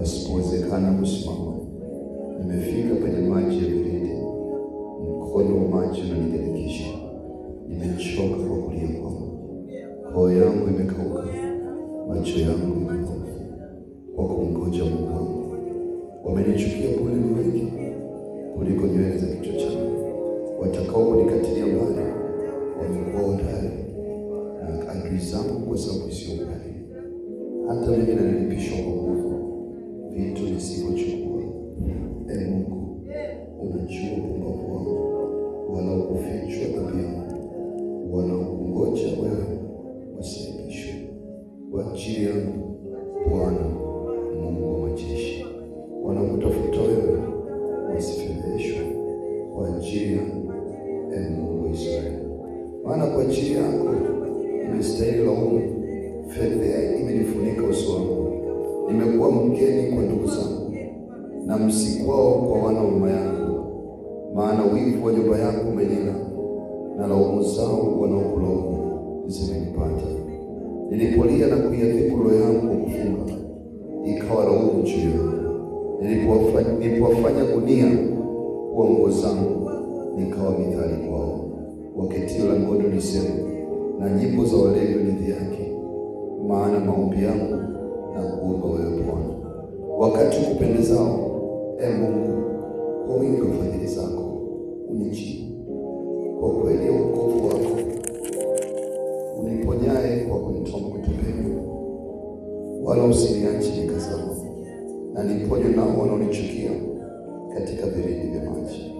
pasipowezekana kusimama. Nimefika kwenye maji ya vilindi, mkono wa maji unanibelekisha. Nimechoka kwa kulia kwangu, koo yangu imekauka, macho yangu imekauka kwa kumngoja Mungu wangu. Wamenichukia bure wengi kuliko nywele za kichwa changu, watakao kunikatilia mbali wamekuwa hodari na adui zangu kwa sababu mbali, hata mimi nalipishwa kwa nguvu wajili ajili yangu Bwana Mungu wa majeshi. Wanakutafuta wewe, wasifedheheshwe kwa ajili yangu, ee eh, Mungu wa Israeli, maana kwa ajili yako nimestahili laumu, fedheha imenifunika uso wangu. Nimekuwa mgeni kwa ndugu zangu na msikwao kwa wana wa mama yangu, maana wivu wa nyumba yako umenila na laumu zao wanaokulaumu zimenipata. Nilipolia na kuiadhibu roho yangu kwa kufunga, ikawa laumu juu yangu. Nilipowafanya gunia kuwa nguo zangu, nikawa mithali kwao. Waketio langoni lisema, na nyimbo za walevi dhidi yake, maana maombi yangu na kuomba wewe Bwana wakati kupendezao. E Mungu, kwa wingi wa fadhili zako unijibu kwa kweli wokovu wako uniponya kwa kunitoa kutoka wala usiniache nikazama, na niponye nao wanaonichukia katika vilindi vya maji.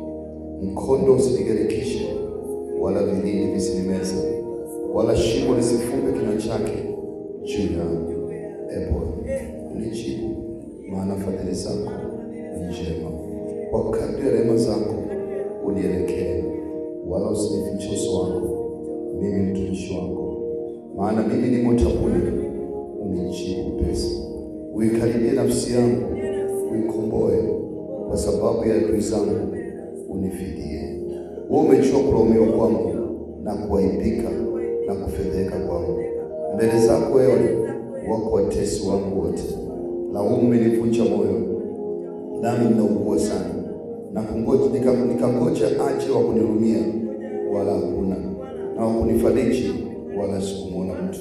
Mkondo usinigarikishe, wala vilindi visinimeze, wala shimo lisifunge kina chake juu yangu. Ee Bwana, unijibu, maana fadhili zako ni njema, kwa kadri ya rehema zako unielekee, wala usinifiche uso wako mimi mtumishi wako maana mimi nimo chapuni, unijibu upesi. Uikaribie nafsi yangu, uikomboe kwa sababu ya adui zangu, unifidie. Wewe umejua kulaumiwa kwangu na kuaibika na kufedheka kwangu. Mbele zako wewe wako watesi wangu wote. Laumu imenivunja moyo, nami ninaugua sana, na nikangoja aje wa kunihurumia, wala hakuna na wakunifariji wala sikumwona mtu.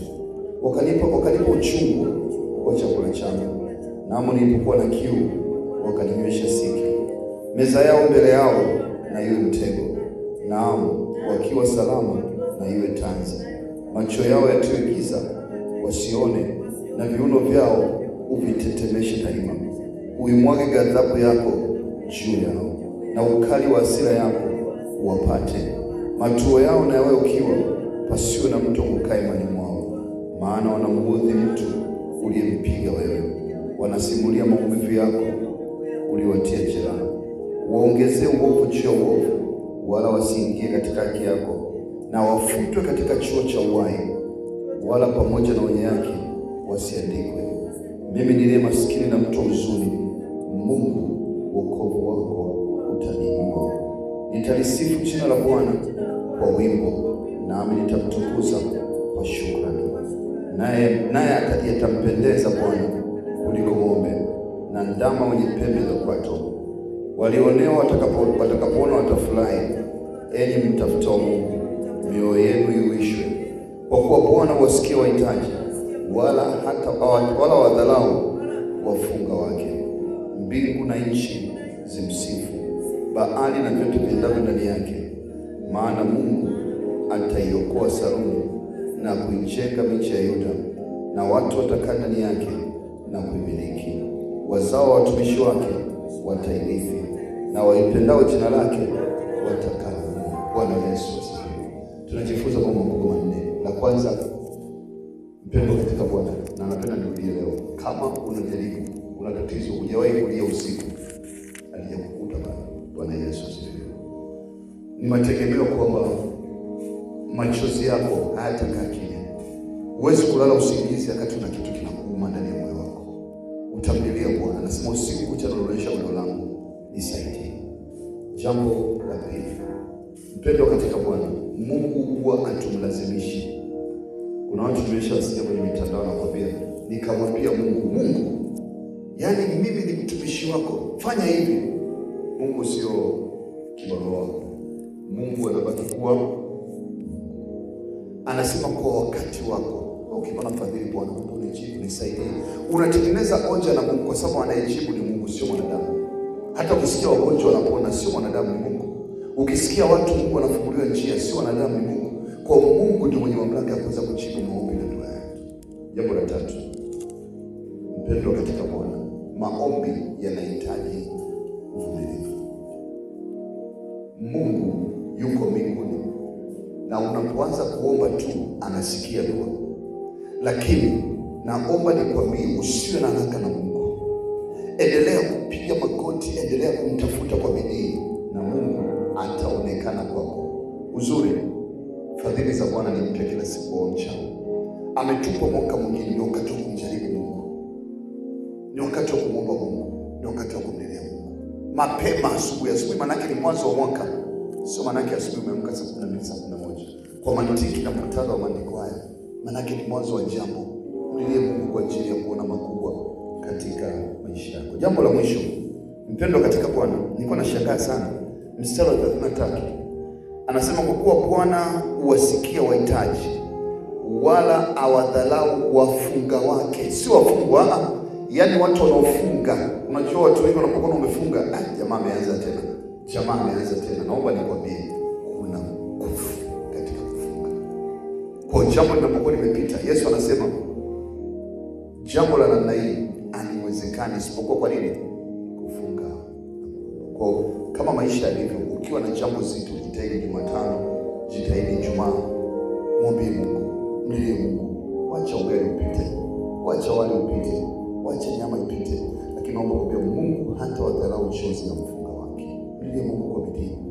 Wakanipa wakanipa uchungu wa chakula changu, namo nilipokuwa na kiu wakaninywesha siki. Meza yao mbele yao na iwe mtego, naam wakiwa salama na iwe tanzi. Macho yao yatiwe giza wasione, na viuno vyao uvitetemeshe daima. Uimwage ghadhabu yako juu yao na ukali wa hasira yako uwapate. Matuo yao na yawe ukiwa pasiwe na mtu amkae imani mwao, maana wanamuudhi mtu uliyempiga wewe, wanasimulia maumivu yako uliwatia jeraha. Waongezee uovu juu ya uovu, wala wasiingie katika haki yako, na wafutwe katika chuo cha uhai, wala pamoja na wenye yake wasiandikwe. Mimi niliye masikini na mtu wa Mungu wokovu wako utaniinua. Nitalisifu jina la Bwana kwa wimbo nami nitamtukuza kwa shukrani, naye naye yatampendeza Bwana kuliko ng'ombe na ndama wenye pembe za kwato. Walionewa watakapoona watakapo watafurahi. Enyi mtafutao Mungu, mioyo yenu iwishwe, kwa kuwa Bwana wasikia wahitaji, wala hata wala wadhalau wafunga wake. Mbingu na nchi zimsifu, Baali na vyote viendavyo ndani yake, maana Mungu ataiokoa Sayuni na kuicheka miji ya Yuda, na watu watakaa ndani yake na kuimiliki. Wazao wa watumishi wake watairithi, na waipendao jina lake watakaa. Bwana Yesu asifiwe. Tunajifunza kwa makubwa manne. La kwanza, mpendo katika Bwana, na napenda nirudie leo, kama unajaribu, una tatizo, hujawahi kulia usiku, alijakukuta Bwana Yesu asifiwe. Ni mategemeo kwamba machozi yako hayatakaa kimya. Huwezi kulala usingizi wakati una kitu kinakuuma ndani ya moyo wako. Utamlilia Bwana, anasema usiku kucha nalolesha moyo langu, nisaidie. Jambo la pili, mpendo katika Bwana, Mungu huwa atumlazimishi. Kuna watu tumeshawasikia kwenye mitandao kwambia, nikamwambia Mungu, Mungu, yaani mimi ni mtumishi wako, fanya hivi. Mungu sio kibarua wako. Mungu anabaki kuwa anasema kwa wakati wako. Ukiona mfadhili, Bwana Mungu unijibu, nisaidie. Unatengeneza onja na Mungu, kwa sababu anayejibu ni Mungu, sio mwanadamu. Hata ukisikia wagonjwa wanapona, sio mwanadamu, ni Mungu. Ukisikia watu Mungu wanafunguliwa njia, sio wanadamu, ni Mungu. Kwa Mungu ndio mwenye mamlaka ya kuweza kujibu maombi na dua yake. Jambo la tatu, mpendo katika Bwana, maombi yanahitaji uvumilivu. Mungu yuko unapoanza kuomba tu anasikia dua, lakini naomba nikwambie, usiwe na haraka na Mungu. Endelea kupiga magoti, endelea kumtafuta kwa bidii, na Mungu ataonekana kwako. Uzuri, fadhili za Bwana ni mpya kila siku, onja. Ametupa mwaka mwingine, ni wakati wa kumjaribu Mungu, ni wakati wa kumwomba Mungu, ni wakati wa kumlilia Mungu mapema asubuhi. Asubuhi maanake ni mwanzo wa mwaka, sio maanake asubuhi umeamka saa kumi na mbili saa kumi na moja kwa mantiki na mkutano wa maandiko haya, maanake ni mwanzo wa jambo. Mlilie Mungu kwa ajili ya kuona makubwa katika maisha yako. Jambo la mwisho, mpendo katika Bwana, nilikuwa nashangaa sana mstari wa tatu anasema kwa kuwa Bwana huwasikia wahitaji wala awadhalau wafunga wake. Si wafungwa, ah, yaani watu wanaofunga. Unajua watu wengi wanapokuwa umefunga, ah, jamaa ameanza tena, jamaa ameanza tena. Naomba nikwambie kuna nguvu kwa jambo linapokuwa limepita, Yesu anasema jambo la namna hii haliwezekani isipokuwa kwa nini? Kufunga. Kwa kama maisha yalivyo, ukiwa na jambo zito, jitahidi Jumatano, jitahidi Ijumaa, mwombe Mungu, mlie Mungu, wacha ugali upite, wacha wali upite, wacha nyama ipite, lakini naomba kwambia Mungu hata wadharau chozi na mfunga wake. Mlie Mungu kwa bidii.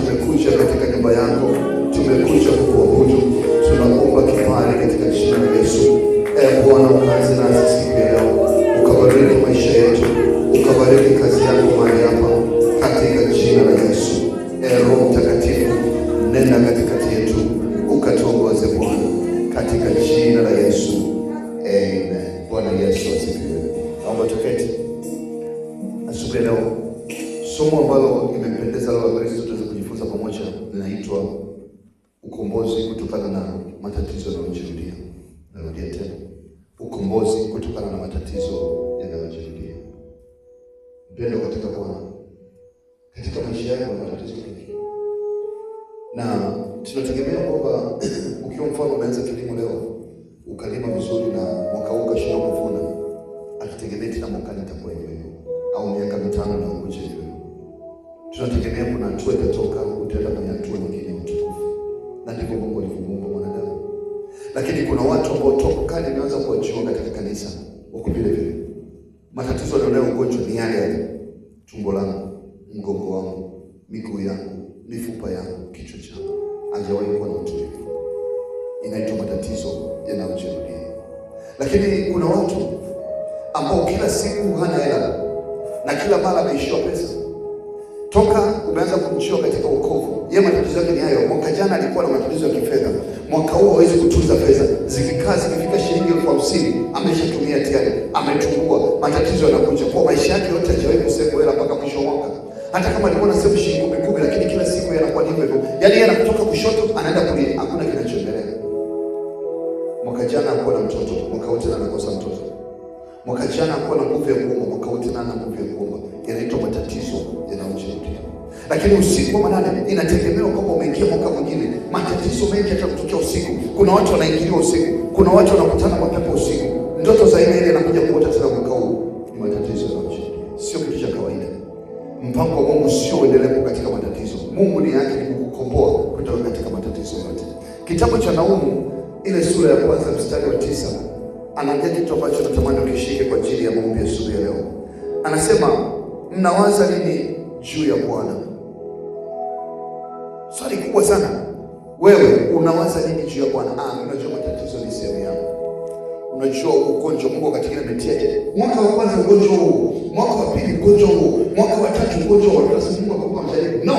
limekuja katika nyumba yako yako na matatizo mengi, na tunategemea kwamba ukiwa mfano umeanza kilimo leo ukalima vizuri na mwaka huu ukashinda kuvuna, akitegemea tena mwakani itakuwa hivyo hivyo, au miaka mitano na ngoje hivyo. Tunategemea kuna hatua itatoka, utaenda kwenye hatua nyingine ya utukufu, na ndivyo Mungu alivyomuumba mwanadamu. Lakini kuna watu ambao toka kale imeanza kuwajiua katika kanisa, wako vile vile matatizo yanayo ugonjwa ni yale yale, tumbo langu, mgongo wangu miguu yangu, mifupa yangu, kichwa changu. Hajawahi kuwa na utulivu. Inaitwa matatizo yanayojirudia. Lakini kuna watu ambao kila siku hana hela na kila mara ameishiwa pesa. Toka umeanza kumchiwa katika ukovu yeye matatizo yake ni hayo. Mwaka jana alikuwa na matatizo ya kifedha, mwaka huu hawezi kutunza pesa. Zikikaa zikifika shilingi elfu hamsini ameshatumia tayari, ametungua. Matatizo yanakuja kwa maisha yake yote, hajawahi kusema hela mpaka mwisho mwaka hata kama alikuwa na save shilingi kumi kumi, lakini kila siku yanakuwa ni hivyo, yaani yeye anatoka kushoto anaenda kulia, hakuna kinachoendelea. Mwaka jana alikuwa na mtoto, mwaka wote na anakosa mtoto. Mwaka jana alikuwa na nguvu ya kuomba, mwaka wote hana nguvu ya kuomba. Yanaitwa matatizo yanayojirudia, lakini usiku wa manane inategemewa kwamba umeingia mwaka mwingine. Matatizo mengi yatakutokea usiku. Kuna watu wanaingiliwa usiku, kuna watu wanakutana mapepo usiku, ndoto za ile ile inakuja Mpango wa Mungu sio uendelevu katika matatizo. Mungu ni yake ni kukukomboa kutoka katika matatizo yote. Kitabu cha Naumu ile sura ya kwanza mstari wa tisa anaongea kitu ambacho natamani ukishike kwa ajili ya maombi ya asubuhi ya leo. Anasema, mnawaza nini juu ya Bwana? Swali kubwa sana. Wewe unawaza nini juu ya Bwana? Ah, unajua matatizo ni sehemu yako unajua huu ugonjwa Mungu katika yake. mwaka wa kwanza ugonjwa huu, mwaka wa pili ugonjwa huu, mwaka wa tatu ugonjwa wa rasi Mungu akakupa mjaribu. No,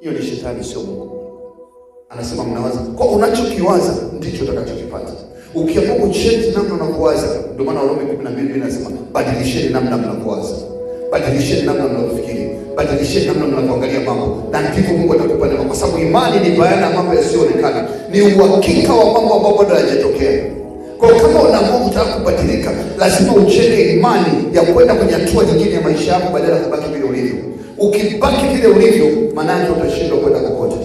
hiyo ni shetani, sio Mungu. Anasema mnawaza kwa unachokiwaza ndicho utakachokipata. Ukiamua kuchange namna unakuwaza, ndio maana Warumi 12 inasema badilisheni namna mnakuwaza. badilisheni namna mnavyofikiri, badilisheni namna mnavyoangalia mambo, na ndivyo Mungu atakupa neema, kwa sababu imani ni bayana ya mambo yasiyoonekana, ni uhakika wa mambo ambayo bado hayajatokea. Kwa kama nguvu za kubadilika, lazima uchenge imani ya kwenda kwenye hatua nyingine ya maisha yako badala ya kubaki vile ulivyo. Ukibaki vile ulivyo, maana yake utashindwa kwenda kokote.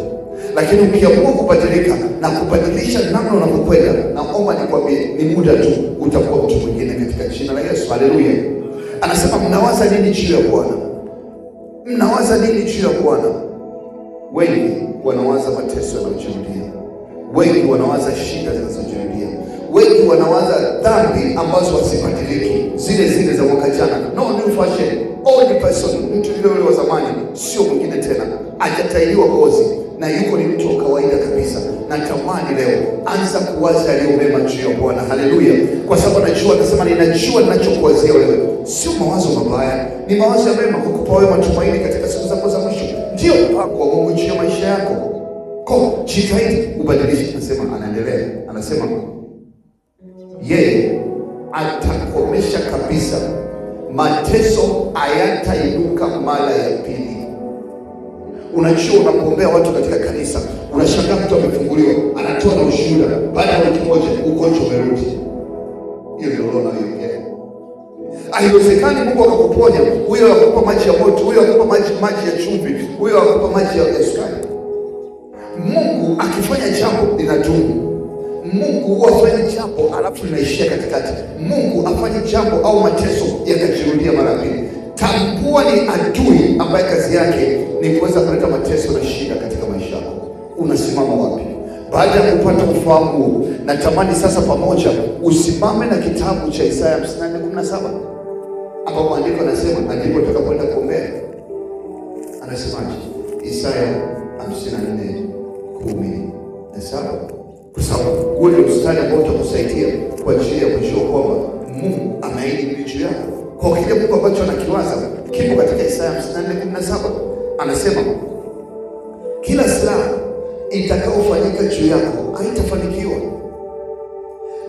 Lakini ukiamua kubadilika na kubadilisha namna unavyokwenda, naomba nikwambie, ni muda tu utakuwa mtu mwingine katika jina la Yesu. Haleluya! Anasema, mnawaza nini juu ya Bwana? Mnawaza nini juu ya Bwana? Wengi wanawaza mateso yanayojirudia, wengi wanawaza shida zinazojirudia wengi wanawaza dhambi ambazo hazibadiliki, zile zile za mwaka jana. No new fashion, old person, mtu yule yule wa zamani, sio mwingine tena, ajatailiwa kozi na yuko ni mtu wa kawaida kabisa. Natamani leo anza kuwaza aliyo mema juu ya Bwana. Haleluya! Kwa sababu najua, nasema ninajua ninachokuwazia wewe sio mawazo mabaya, ni mawazo ya mema, kukupa wewe matumaini katika siku zako za mwisho. Ndio mpango wa Mungu juu ya maisha yako. Ko, jitahidi ubadilishi Anasema, anaendelea anasema yeye atakomesha kabisa, mateso hayatainuka mara ya pili. Unajua, unapoombea watu katika kanisa, unashangaa mtu amefunguliwa, anatoa na ushuhuda, baada ya wiki moja ugonjwa umerudi. Hiyo ndio roho Haiwezekani Mungu akakuponya, huyo akupa maji ya moto, huyo akupa maji maji ya chumvi, huyo akupa maji ya sukari. Mungu akifanya jambo linadumu. Mungu huwa afanye jambo alafu linaishia katikati. Mungu afanye jambo au mateso yakajirudia mara mbili. Tambua ni adui ambaye kazi yake ni kuweza kuleta mateso na shida katika maisha yako. Unasimama wapi? Baada ya kupata ufahamu huu, natamani sasa pamoja usimame na kitabu cha Isaya 54:17 ambapo maandiko anasema, ndipo kwenda kuombea, anasemaje? Isaya 54:17 kwa sababu ule mstari ambao utakusaidia kwa njia ya kujua kwamba Mungu anaahidi juu yako kwa kile Mungu ambacho anakiwaza kipo katika Isaya 54:17 anasema, kila silaha itakayofanyika juu yako haitafanikiwa,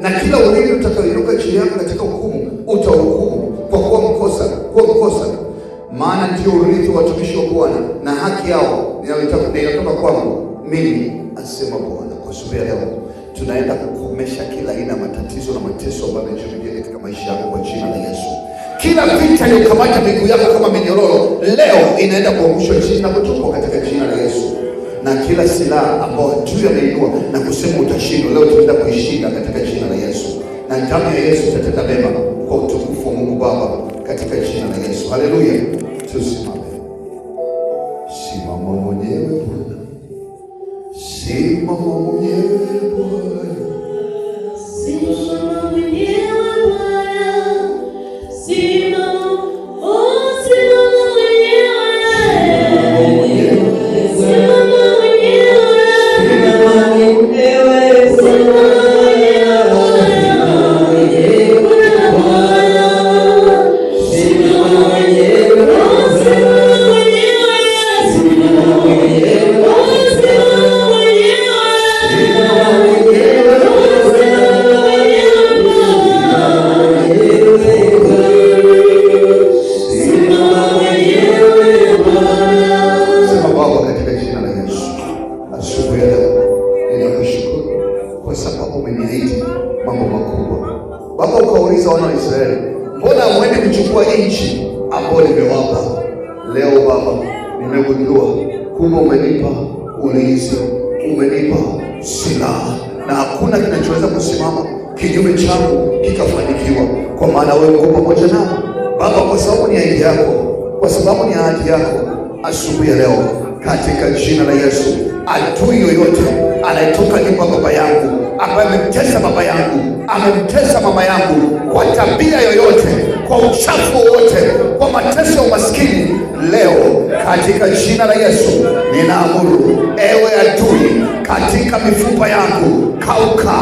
na kila ulimi utakaoinuka juu yako katika hukumu utahukumu kwa kuwa mkosa, kwa mkosa. Maana ndio urithi wa watumishi wa Bwana, na haki yao ninatoka kwangu mimi, asema Bwana ya leo, tunaenda kukomesha kila aina matatizo na mateso ambayo yanajirudia katika maisha yako kwa jina la Yesu. Kila vita iliyokamata miguu yako kama minyororo leo inaenda kuangushwa chini na kutupwa katika jina la Yesu, na kila silaha ambayo adui ameinua na kusema utashindwa, leo tunaenda kuishinda katika jina la Yesu, na damu ya Yesu itatenda mema kwa utukufu wa Mungu Baba katika jina la Yesu. Haleluya, tusimame. maoni ya haki yako asubuhi ya leo katika jina la Yesu. Adui yoyote anayetoka nyumba baba yangu, ambaye amemtesa baba yangu, amemtesa mama yangu, kwa tabia yoyote, kwa uchafu wowote, kwa mateso ya umaskini, leo katika jina la Yesu ninaamuru, ewe adui, katika mifupa yangu, kauka,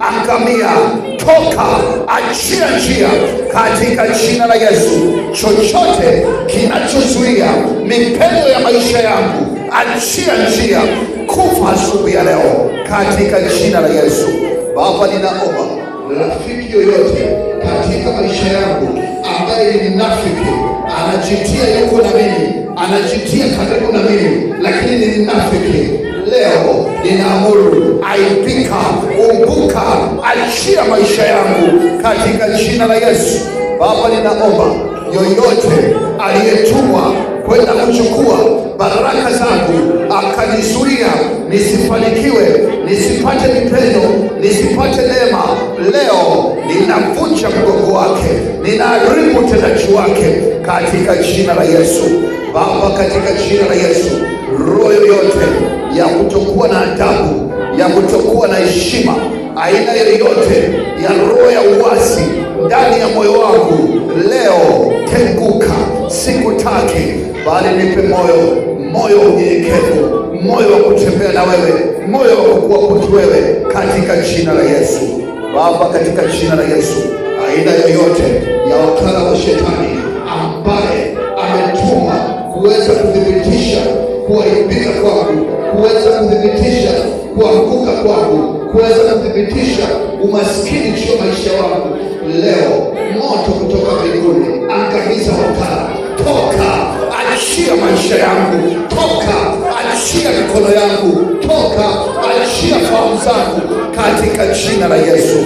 angamia, toka, achia njia, katika jina la Yesu. Chochote kinachozuia mipendo ya maisha yangu, achia njia kufa asubuhi ya leo katika jina la Yesu. Baba, ninaomba rafiki yoyote katika maisha yangu ambaye ni mnafiki anajitia yuko na mimi, anajitia karibu na mimi, lakini ni mnafiki, leo ninaamuru aipika, umbuka, achia maisha yangu katika jina la Yesu. Baba, ninaomba yoyote aliyetumwa kwenda kuchukua baraka zangu, akanizuia nisifanikiwe, nisipate mipendo, nisipate neema. Leo ninavunja mgongo wake, ninaharibu utendaji wake katika jina la Yesu. Baba, katika jina la Yesu, roho yoyote ya kutokuwa na adabu, ya kutokuwa na heshima, aina yoyote ya roho ya uasi ndani ya moyo wangu leo, tenguka, sikutaki bali nipe moyo, moyo wa unyenyekevu, moyo wa kutembea na wewe, moyo wa kukua kwetu wewe, katika jina la Yesu. Baba, katika jina la Yesu, aina yoyote ya wakala wa shetani ambaye ametuma kuweza kuthibitisha kuaibika kwangu, kuweza kuthibitisha kuanguka kwangu, kuweza kuthibitisha umaskini chio maisha wangu, leo moto kutoka mbinguni, angamiza wakala, toka achia maisha yangu, toka, achia mikono yangu, toka, achia fahamu zangu, katika jina la Yesu.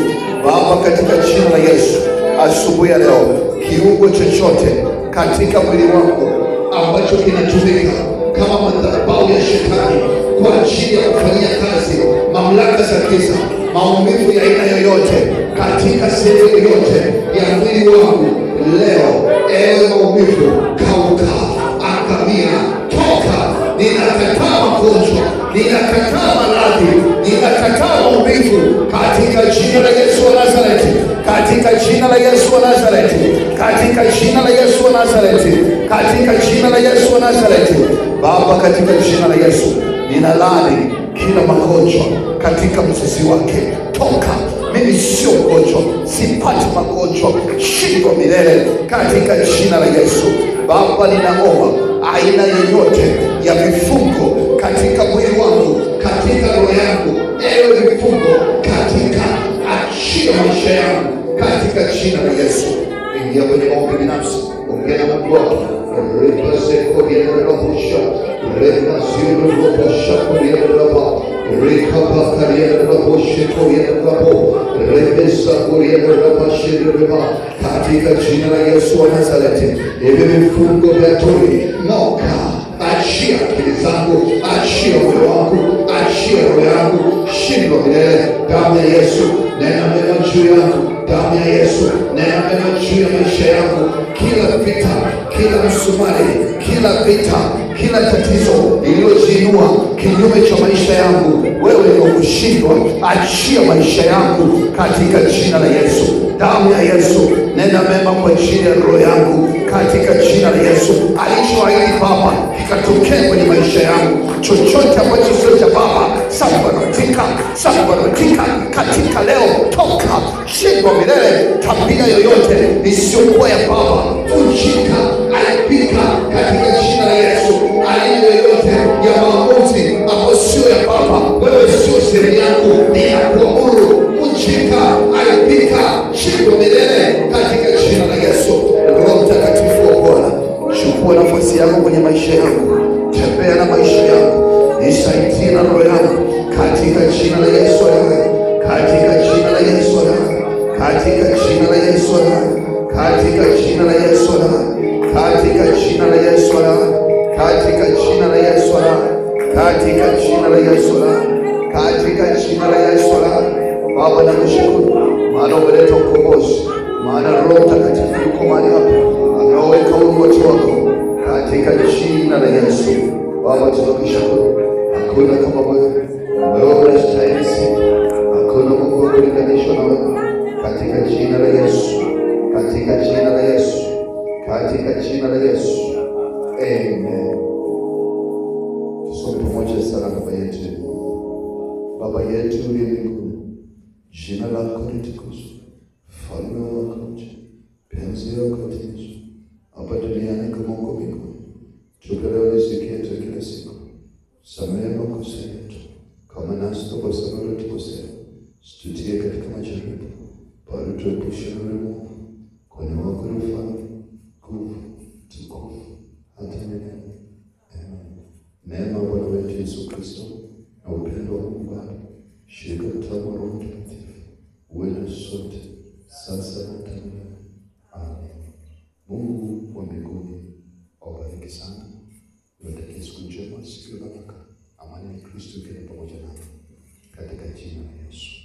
Baba, katika jina la Yesu, asubuhi ya leo, kiungo chochote katika mwili wangu ambacho kinatumika kama madhabahu ya shetani kwa ajili ya kufanyia kazi mamlaka za giza, maumivu ya aina yoyote katika sehemu yoyote ya mwili wangu leo, ewe maumivu, kauka toka ninakataa magonjwa, ninakataa maradhi, ninakataa maumivu katika jina la Yesu wa Nazareti, katika jina la Yesu wa Nazareti, katika jina la Yesu wa Nazareti, katika jina la Yesu wa Nazareti. Baba, katika jina la Yesu ninalani kila magonjwa katika mzizi wake, toka. Mimi sio mgonjwa, sipati magonjwa, shingo milele katika jina la Yesu. Baba, ninaomba aina yoyote ya vifaa kila tatizo lililozinua kinyume cha maisha yangu, wewe ndio kushindwa, achia maisha yangu katika jina la Yesu. Damu ya Yesu, nenda mema kwa ajili ya roho yangu katika jina la Yesu. Alichoahidi Baba kikatokee kwenye maisha yangu. Chochote ambacho sio cha Baba sabanatika sabanatika katika leo, toka shindwa milele. Tabia yoyote isiyokuwa ya Baba vunjika, alipika katika ya maamuzi ambayo sio ya papa Wewe sio sherehe yangu, ninakuamuru kunjika, aibika, shindwa milele katika jina la Yesu. Roho Mtakatifu wa Bwana, chukua nafasi yako kwenye maisha yangu, tembea na maisha yangu, nisaidie na roho yangu katika jina la Yesu, katika jina la Yesu, katika jina la Yesu, katika jina la Yesu, katika jina la Yesu katika jina la Yesu, katika jina la Yesu, katika jina la Yesu. Baba na maana umeleta ukombozi, maana Roho Mtakatifu yuko mahali hapa, amewaweka huru wako katika jina la Yesu. Baba tunakushukuru, hakuna kama wewe, wewe unastahili sifa, hakuna Mungu kulinganishwa na wewe, katika jina la Yesu, katika jina la Yesu, katika jina la Yesu. Amen. Tusome pamoja sala baba yetu. Baba yetu uliye mbinguni, jina lako litukuzwe, ufalme wako uje, penzi lako litimizwe hapa duniani kama huko mbinguni. Tupe leo riziki yetu kila siku, samehe makosa yetu kama nasi tunaposamehe tukosea, situtie katika majaribu, bali tuepushe na uovu, kwani wako ni ufalme Neema ya Bwana wetu Yesu Kristo na upendo wa Mungu Baba, shirika utamu wa Roho Mtakatifu uwe na sote sasa na hata Amen. Mungu wa mbinguni awabariki sana, niwatakie siku njema, siku ya baraka. Amani ya Kristo iwe pamoja nanyi katika jina la Yesu.